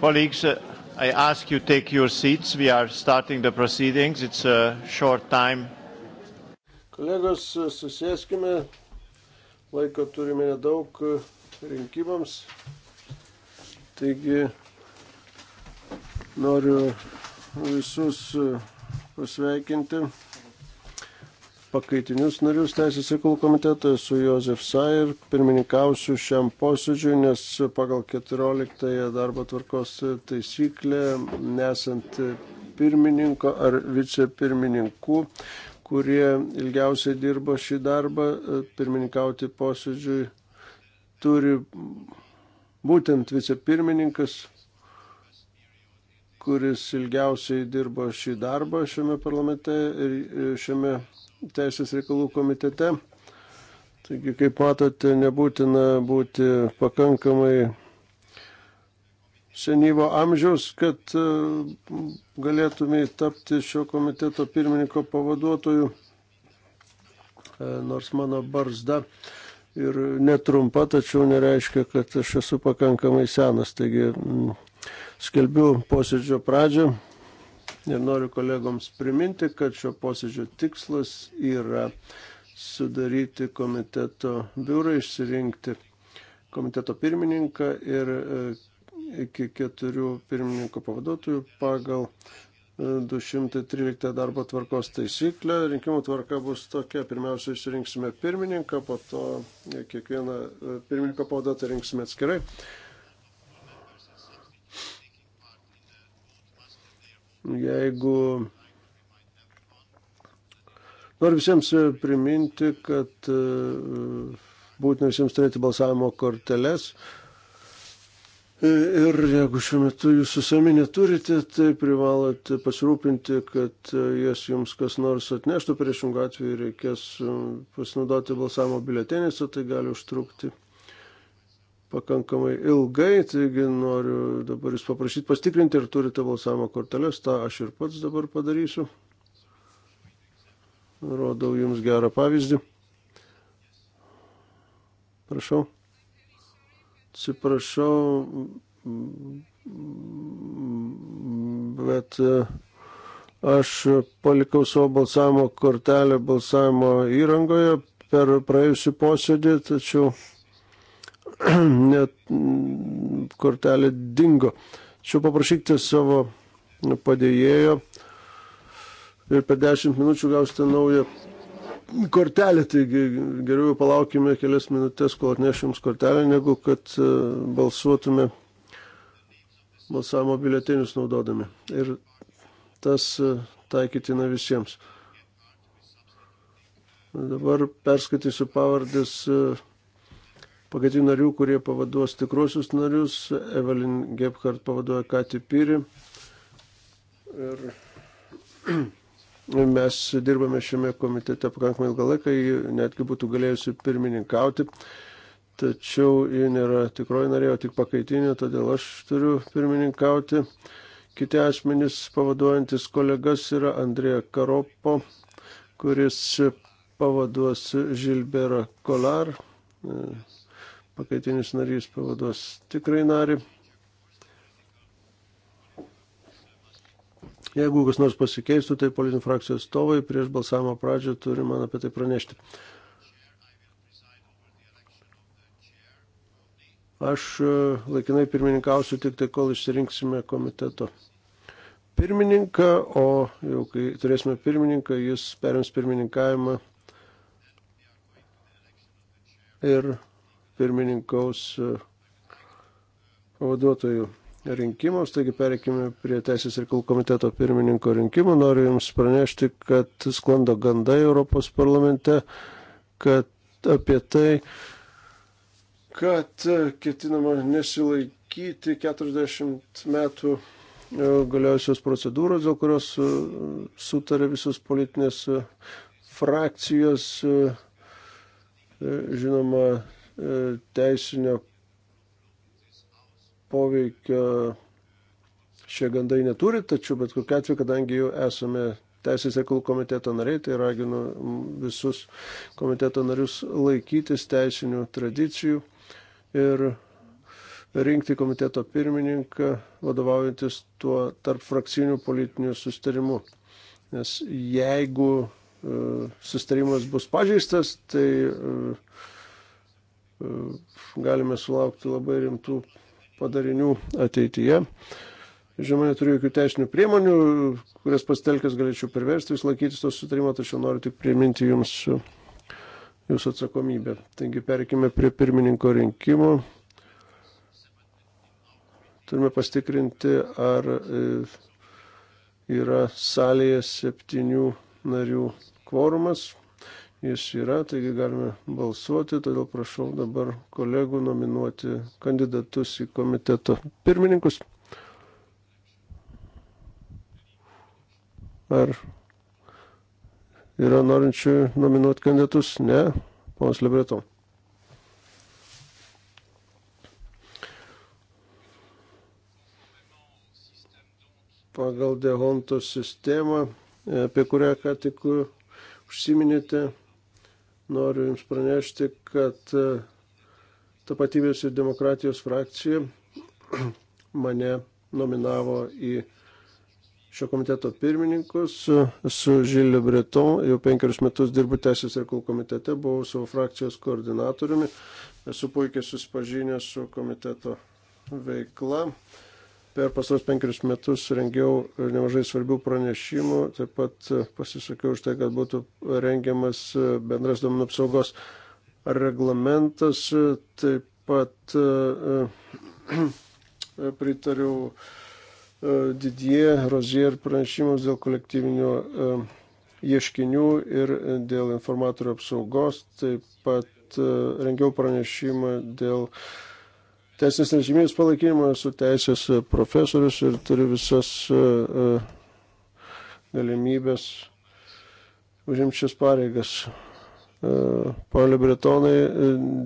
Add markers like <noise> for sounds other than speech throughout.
Colleagues, uh, I ask you take your seats. We are starting the proceedings. It's a short time. Kolegos, uh, susėskime. Laiko turime nedaug uh, rinkimams. Taigi noriu visus pasveikinti pakaitinius narius Teisės reikalų komiteto, esu Jozef Sair, pirmininkausiu šiam posėdžiui, nes pagal 14 darbo tvarkos taisyklę, nesant pirmininko ar vicepirmininkų, kurie ilgiausiai dirbo šį darbą, pirmininkauti posėdžiui turi būtent vicepirmininkas, kuris ilgiausiai dirbo šį darbą šiame parlamente ir šiame Teisės reikalų komitete. Taigi, kaip matote, nebūtina būti pakankamai senyvo amžiaus, kad e, galėtumai tapti šio komiteto pirmininko pavaduotoju, e, nors mano barzda ir netrumpa, tačiau nereiškia, kad aš esu pakankamai senas. Taigi skelbiu posėdžio pradžią. Ir noriu kolegoms priminti, kad šio posėdžio tikslas yra sudaryti komiteto biurą, išsirinkti komiteto pirmininką ir e, iki keturių pirmininko pavaduotojų pagal 213 e, darbo tvarkos taisyklę. Rinkimų tvarka bus tokia. Pirmiausia, išsirinksime pirmininką, po to kiekvieną e, pirmininko pavaduotą rinksime atskirai. Jeigu noriu visiems priminti, kad e, būtina visiems turėti balsavimo korteles. Ir jeigu šiuo metu jūs su savimi neturite, tai privalote pasirūpinti, kad e, jas jums kas nors atneštų, priešingų atveju reikės e, pasinaudoti balsavimo biletenėse, tai gali užtrukti pakankamai ilgai, taigi noriu dabar jūs paprašyti pastikrinti, ar turite balsavimo korteles, tą aš ir pats dabar padarysiu. Rodau jums gerą pavyzdį. Prašau. Atsiprašau, bet e, aš palikau savo balsavimo kortelę balsavimo įrangoje per praėjusią posėdį, tačiau <clears throat> net mm, kortelė dingo. Čia paprašykite savo padėjėjo ir per 10 minučių gausite naują kortelę, taigi geriau palaukime kelias minutės, kol atneš jums kortelę, negu kad e, balsuotume balsavimo biletinius naudodami. Ir tas e, taikytina visiems. Dabar perskaitysiu pavardės uh, paketinių narių, kurie pavaduos tikruosius narius. Evelyn Gebhardt pavaduoja Kati Pyri. Ir <clears throat> mes dirbame šiame komitete pakankamai ilgą laiką, ji netgi būtų galėjusi pirmininkauti, tačiau ji nėra tikroji narė, o tik pakaitinė, todėl aš turiu pirmininkauti. Kiti asmenys pavaduojantis kolegas yra Andrija Karopo, kuris pavaduos Žilberą Kolar, pakaitinis narys pavaduos tikrai narį. Jeigu kas nors pasikeistų, tai politinių frakcijų atstovai prieš balsavimo pradžią turi man apie tai pranešti. Aš e, laikinai pirmininkausiu tik tai, kol išsirinksime komiteto pirmininką, o jau kai turėsime pirmininką, jis perims pirmininkavimą ir pirmininkaus e, pavaduotojų rinkimams, taigi pereikime prie Teisės reikalų komiteto pirmininko rinkimų. Noriu Jums pranešti, kad sklando gandai Europos parlamente, kad apie tai, kad ketinama nesilaikyti 40 metų e, galiojusios procedūros, dėl kurios e, sutarė visos politinės frakcijos. Žinoma, E, teisinio poveikio šie gandai neturi, tačiau bet kokia atveju, kadangi jau esame Teisės reikalų komiteto nariai, tai raginu visus komiteto narius laikytis teisinių tradicijų ir rinkti komiteto pirmininką, vadovaujantis tuo tarp frakcinių politinių sustarimų. Nes jeigu e, sustarimas bus pažeistas, tai e, E, galime sulaukti labai rimtų padarinių ateityje. Žinoma, neturiu jokių teisinių priemonių, kurias pastelkęs galėčiau priversti jūs laikytis to sutarimo, tačiau noriu tik priminti jums jūsų atsakomybę. Taigi perkime prie pirmininko rinkimo. Turime pastikrinti, ar e, yra salėje septynių narių kvorumas jis yra, taigi galime balsuoti, todėl prašau dabar kolegų nominuoti kandidatus į komiteto pirmininkus. Ar yra norinčių nominuoti kandidatus? Ne. Ponas Libreto. Pagal Dehonto sistemą, apie kurią ką tik užsiminėte, Noriu Jums pranešti, kad e, tapatybės ir demokratijos frakcija <clears throat> mane nominavo į šio komiteto pirmininkus su Žiliu Breton. Jau penkerius metus dirbu Teisės reikalų komitete, buvau savo frakcijos koordinatoriumi. Esu puikiai susipažinęs su komiteto veikla. Per pasaros penkerius metus rengiau nemažai svarbių pranešimų, taip pat e, pasisakiau už tai, kad būtų rengiamas e, bendras duomenų apsaugos reglamentas, e, taip pat pritariau Didie Rozier pranešimams dėl kolektyvinio ieškinių ir dėl informatorių apsaugos, taip pat rengiau pranešimą dėl uh, teisės nežymės palaikinimo, esu teisės e, profesorius ir turiu visas e, e, galimybės užimti šias pareigas. Paulio Bretonai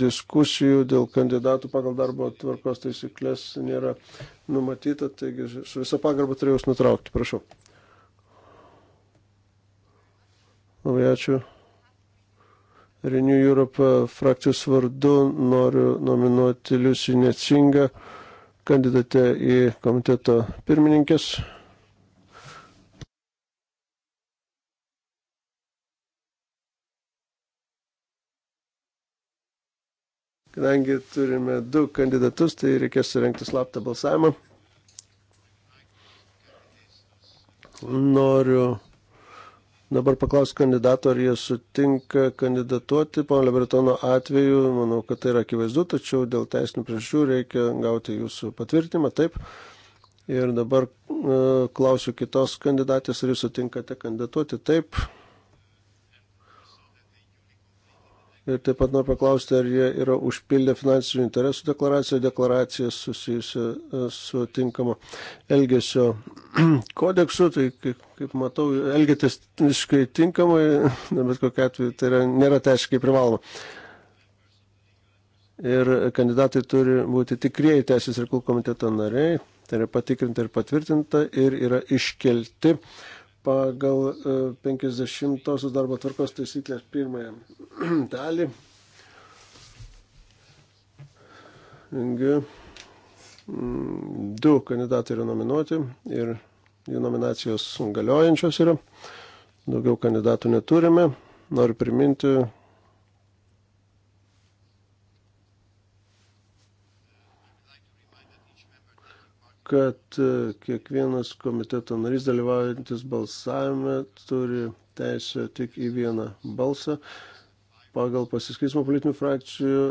diskusijų dėl kandidatų pagal darbo tvarkos taisyklės nėra numatyta, taigi su visą pagarbą turėjau jūs nutraukti, prašau. Labai ačiū. Renew Europe e, frakcijos vardu noriu nominuoti Liusi Necingą kandidatę į komiteto pirmininkės. Kadangi turime du kandidatus, tai reikės surinkti slaptą balsavimą. Noriu Dabar paklaus kandidato, ar jie sutinka kandidatuoti. Pono Lebretono atveju, manau, kad tai yra akivaizdu, tačiau dėl teisinių priešių reikia gauti jūsų patvirtimą. Taip. Ir dabar e, klausiu kitos kandidatės, ar jūs sutinkate kandidatuoti. Taip. Ir taip pat noriu paklausti, ar jie yra užpildę finansinių interesų deklaraciją, deklaraciją susijusią e, su tinkamo elgesio <clears throat> kodeksu. Tai kaip, kaip matau, elgėtės visiškai tinkamai, <laughs> bet kokia atveju tai yra, nėra teisiškai privaloma. Ir kandidatai turi būti tikrieji teisės reikalų komiteto nariai, tai yra patikrinta ir patvirtinta ir yra iškelti pagal 50 e, darbo tvarkos taisyklės pirmąją <clears throat> dalį. Ingi, mm, du kandidatai yra nominuoti ir jų nominacijos galiojančios yra. Daugiau kandidatų neturime. Noriu priminti kad e, kiekvienas komiteto narys dalyvaujantis balsavime turi teisę tik į vieną balsą. Pagal pasiskirstymą politinių frakcijų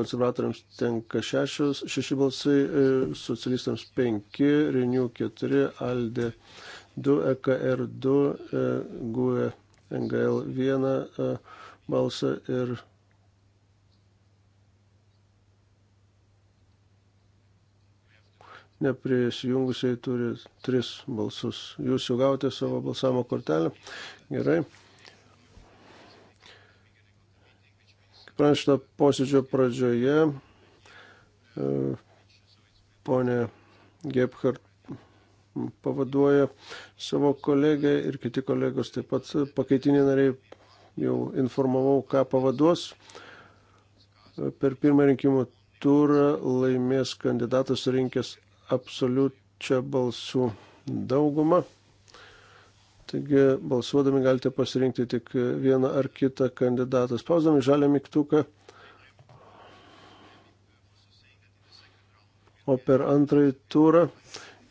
konservatoriams tenka šešios, šeši balsai, e, socialistams penki, Renew keturi, Alde du, EKR du, e, GUE NGL vieną balsą ir neprisijungusiai turi tris balsus. Jūs jau gautė savo balsavimo kortelę. Gerai. Pranešta posėdžio pradžioje. E, Pone Gebhardt pavaduoja savo kolegę ir kiti kolegos taip pat pakaitiniai nariai jau informavau, ką pavaduos. E, per pirmą rinkimų turą laimės kandidatas rinkęs absoliučią balsų daugumą. Taigi balsuodami galite pasirinkti tik vieną ar kitą kandidatą. Spausdami žalią mygtuką. O per antrąjį turą,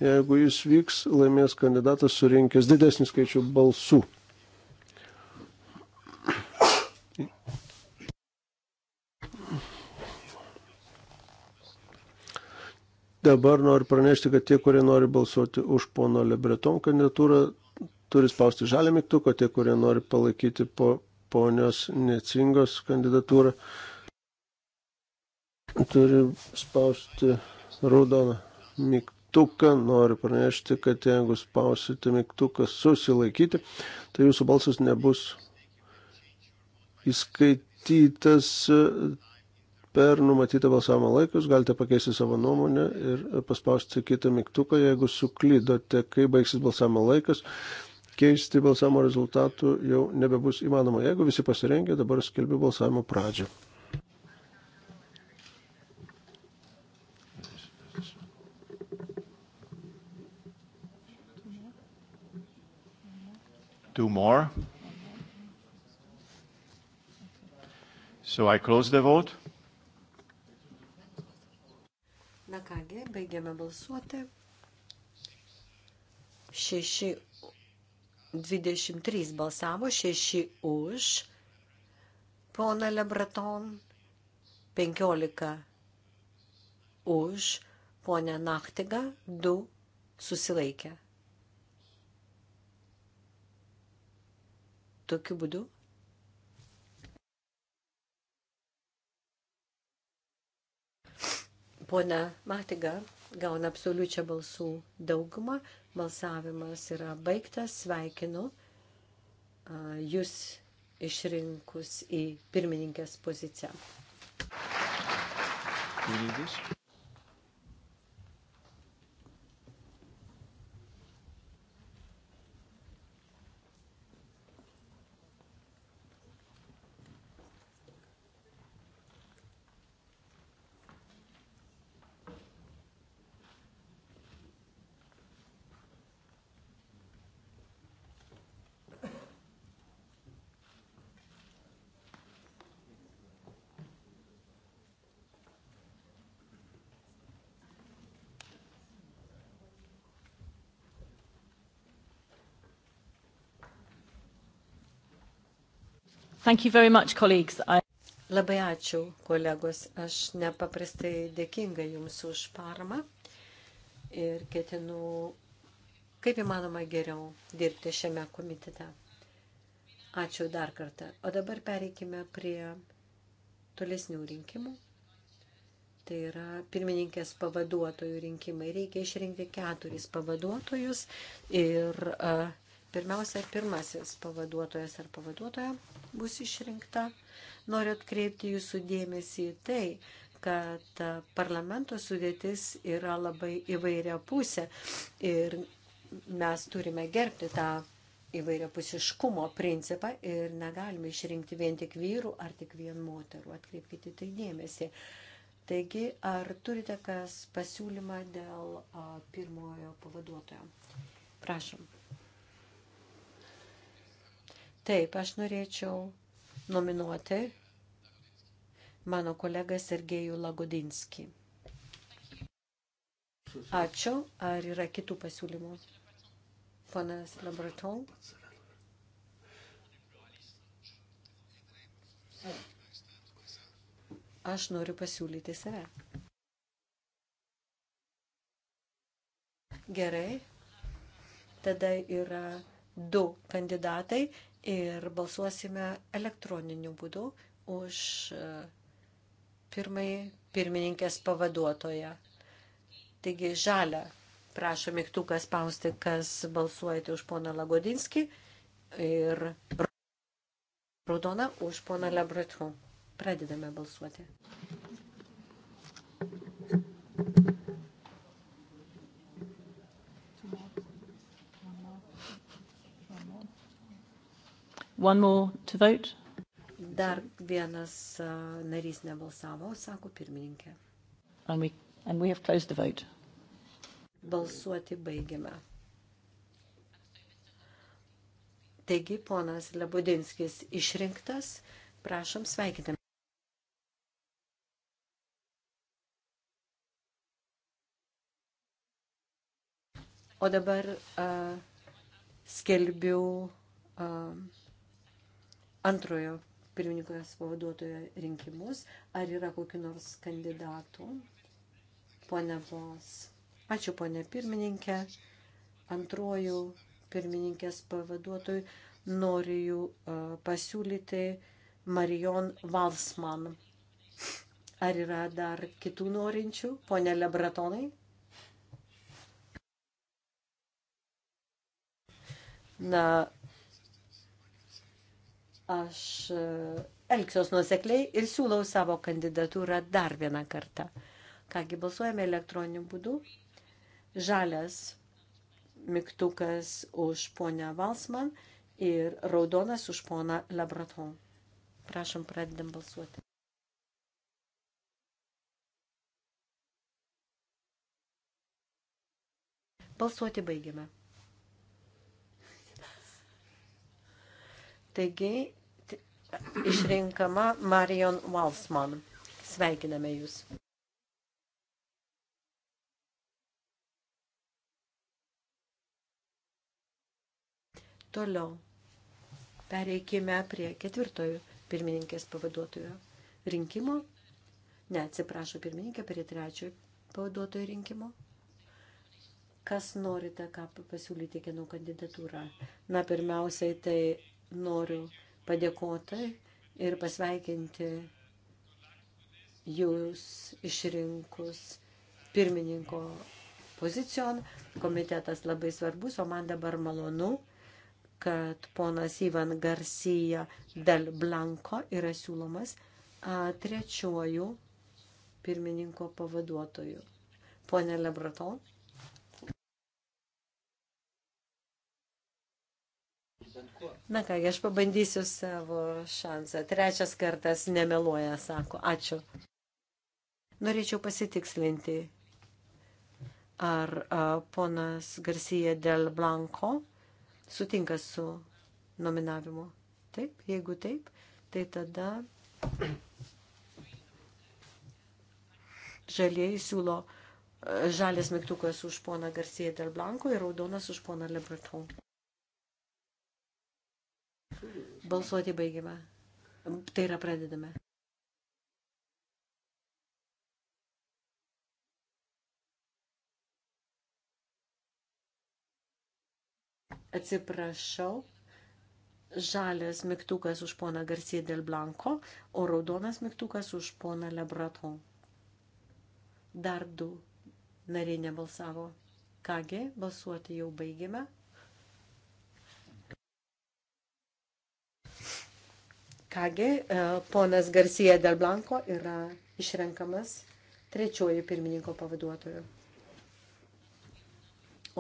jeigu jis vyks, laimės kandidatas surinkęs didesnį skaičių balsų. Dabar noriu pranešti, kad tie, kurie nori balsuoti už pono Lebreton kandidatūrą, turi spausti žalią mygtuką, tie, kurie nori palaikyti po ponios Necingos kandidatūrą, turi spausti raudoną mygtuką mygtuką, noriu pranešti, kad jeigu spausite mygtuką susilaikyti, tai jūsų balsas nebus įskaitytas per numatytą balsavimo laiką jūs galite pakeisti savo nuomonę ir paspausti kitą mygtuką, jeigu suklydote, kai baigsis balsavimo laikas. Keisti balsavimo rezultatų jau nebebus įmanoma. Jeigu visi pasirengė, dabar skelbiu balsavimo pradžią. two more. So I close the vote. Baigiame balsuoti. 6, 23 balsavo, 6 už. Pona Lebraton, 15 už. Pone Nachtiga, 2 susilaikė. Tokiu būdu ponia Matiga gauna absoliučią balsų daugumą. Balsavimas yra baigtas. Sveikinu jūs išrinkus į pirmininkės poziciją. Thank you. Thank you very much, colleagues. I... Labai ačiū, kolegos. Aš nepaprastai dėkinga Jums už paramą ir ketinu, kaip įmanoma, geriau dirbti šiame komitete. Ačiū dar kartą. O dabar pereikime prie tolesnių rinkimų. Tai yra pirmininkės pavaduotojų rinkimai. Reikia išrinkti keturis pavaduotojus ir uh, Pirmiausia, pirmasis pavaduotojas ar pavaduotoja bus išrinkta. Noriu atkreipti jūsų dėmesį į tai, kad parlamento sudėtis yra labai įvairia pusė ir mes turime gerbti tą įvairiapusiškumo principą ir negalime išrinkti vien tik vyrų ar tik vien moterų. Atkreipkite tai dėmesį. Taigi, ar turite kas pasiūlymą dėl pirmojo pavaduotojo? Prašom. Taip, aš norėčiau nominuoti mano kolegą Sergejų Lagodinskį. Ačiū. Ar yra kitų pasiūlymų? Ponas Labraton. Aš noriu pasiūlyti save. Gerai. Tada yra du kandidatai ir balsuosime elektroniniu būdu už e, pirmąjį pirmininkės pavaduotoją. Taigi žalia prašo mygtuką spausti, kas balsuojate už poną Lagodinskį ir raudona už poną Lebreton. Pradedame balsuoti. One more to vote. Dar vienas uh, narys nebalsavo, sako pirmininkė. And we, and we have closed the vote. Balsuoti baigiame. Taigi, ponas Lebudinskis išrinktas. Prašom, sveikiname. O dabar uh, skelbiu uh, antrojo pirmininkos pavaduotojo rinkimus. Ar yra kokiu nors kandidatų? Pone Vos. Ačiū, ponė pirmininkė. Antrojų pirmininkės pavaduotojų noriu e, pasiūlyti Marion Valsman. Ar yra dar kitų norinčių, ponė Lebratonai? Na, aš e, elgsiuos nuosekliai ir siūlau savo kandidatūrą dar vieną kartą. Kągi balsuojame elektroniniu būdu. Žalias mygtukas už ponę Valsman ir raudonas už poną Lebraton. Prašom, pradedam balsuoti. Balsuoti baigiame. Taigi išrinkama Marion Walsman. Sveikiname Jūs. Toliau. Pereikime prie ketvirtojo pirmininkės pavaduotojo rinkimo. Ne, atsiprašau, pirmininkė prie trečiojo pavaduotojo rinkimo. Kas norite, ką pasiūlyti, kieno kandidatūrą? Na, pirmiausiai tai noriu padėkoti ir pasveikinti jūs išrinkus pirmininko pozicijon. Komitetas labai svarbus, o man dabar malonu, kad ponas Ivan Garcia del Blanco yra siūlomas trečiuoju pirmininko pavaduotoju. Pone Lebraton, Na ką, aš pabandysiu savo šansą. Trečias kartas nemeluoja, sako. Ačiū. Norėčiau pasitikslinti, ar a, ponas Garcija del Blanco sutinka su nominavimu. Taip, jeigu taip, tai tada žalieji siūlo žalias mygtukas už poną Garciją Del Blanco ir raudonas už poną Lebreton. Balsuoti baigiame. Tai yra pradedame. Atsiprašau, žalias mygtukas už poną Garcia del Blanco, o raudonas mygtukas už poną Lebraton. Dar du nariai nebalsavo. Kągi, balsuoti jau baigėme. Kągi, e, ponas Garcija Del Blanco yra išrenkamas trečiuoju pirmininko pavaduotoju.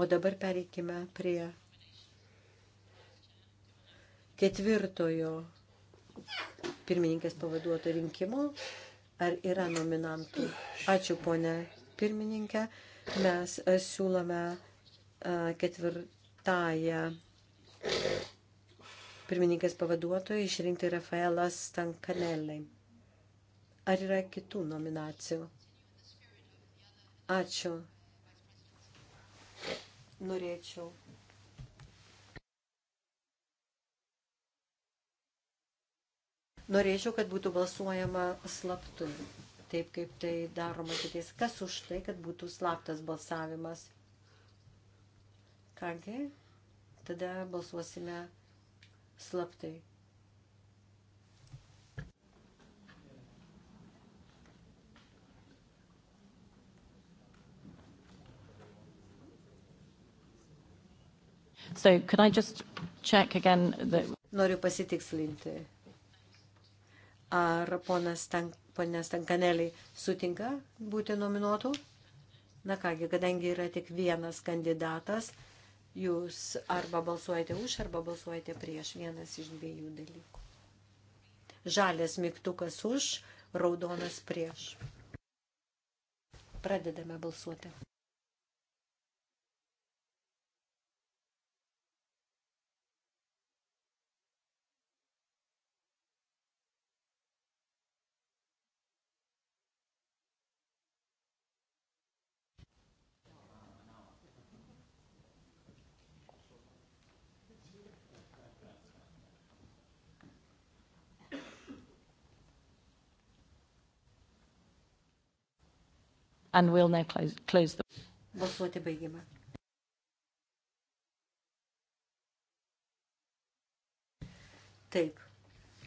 O dabar pereikime prie ketvirtojo pirmininkės pavaduoto rinkimo. Ar yra nominantų? Ačiū, ponė pirmininkė. Mes e, siūlome e, ketvirtąją pirmininkės pavaduotojai išrinkti Rafaelas Stankanelai. Ar yra kitų nominacijų? Ačiū. Norėčiau. Norėčiau, kad būtų balsuojama slaptu, taip kaip tai daroma kitais. Kas už tai, kad būtų slaptas balsavimas? Kągi, tada balsuosime slaptai. So, could I just check again that... Noriu pasitikslinti. Ar ponas Tank, ponas Tankaneliai sutinka būti nominuotų? Na kągi, kadangi yra tik vienas kandidatas, Jūs arba balsuojate už, arba balsuojate prieš vienas iš dviejų dalykų. Žalės mygtukas už, raudonas prieš. Pradedame balsuoti. and we'll now close, close the. Balsuoti baigėme. Taip,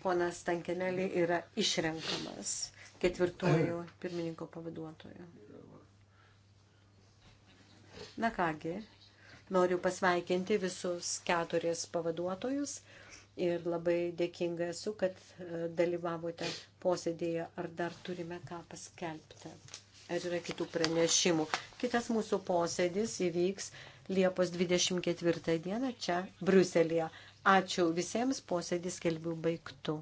ponas Tankenelį yra išrenkamas ketvirtojų pirmininko pavaduotojų. Na kągi, noriu pasveikinti visus keturis pavaduotojus ir labai dėkinga esu, kad e, dalyvavote posėdėje. Ar dar turime ką paskelbti? ar yra kitų pranešimų. Kitas mūsų posėdis įvyks Liepos 24 dieną čia, Bruselėje. Ačiū visiems, posėdis kelbiu baigtų.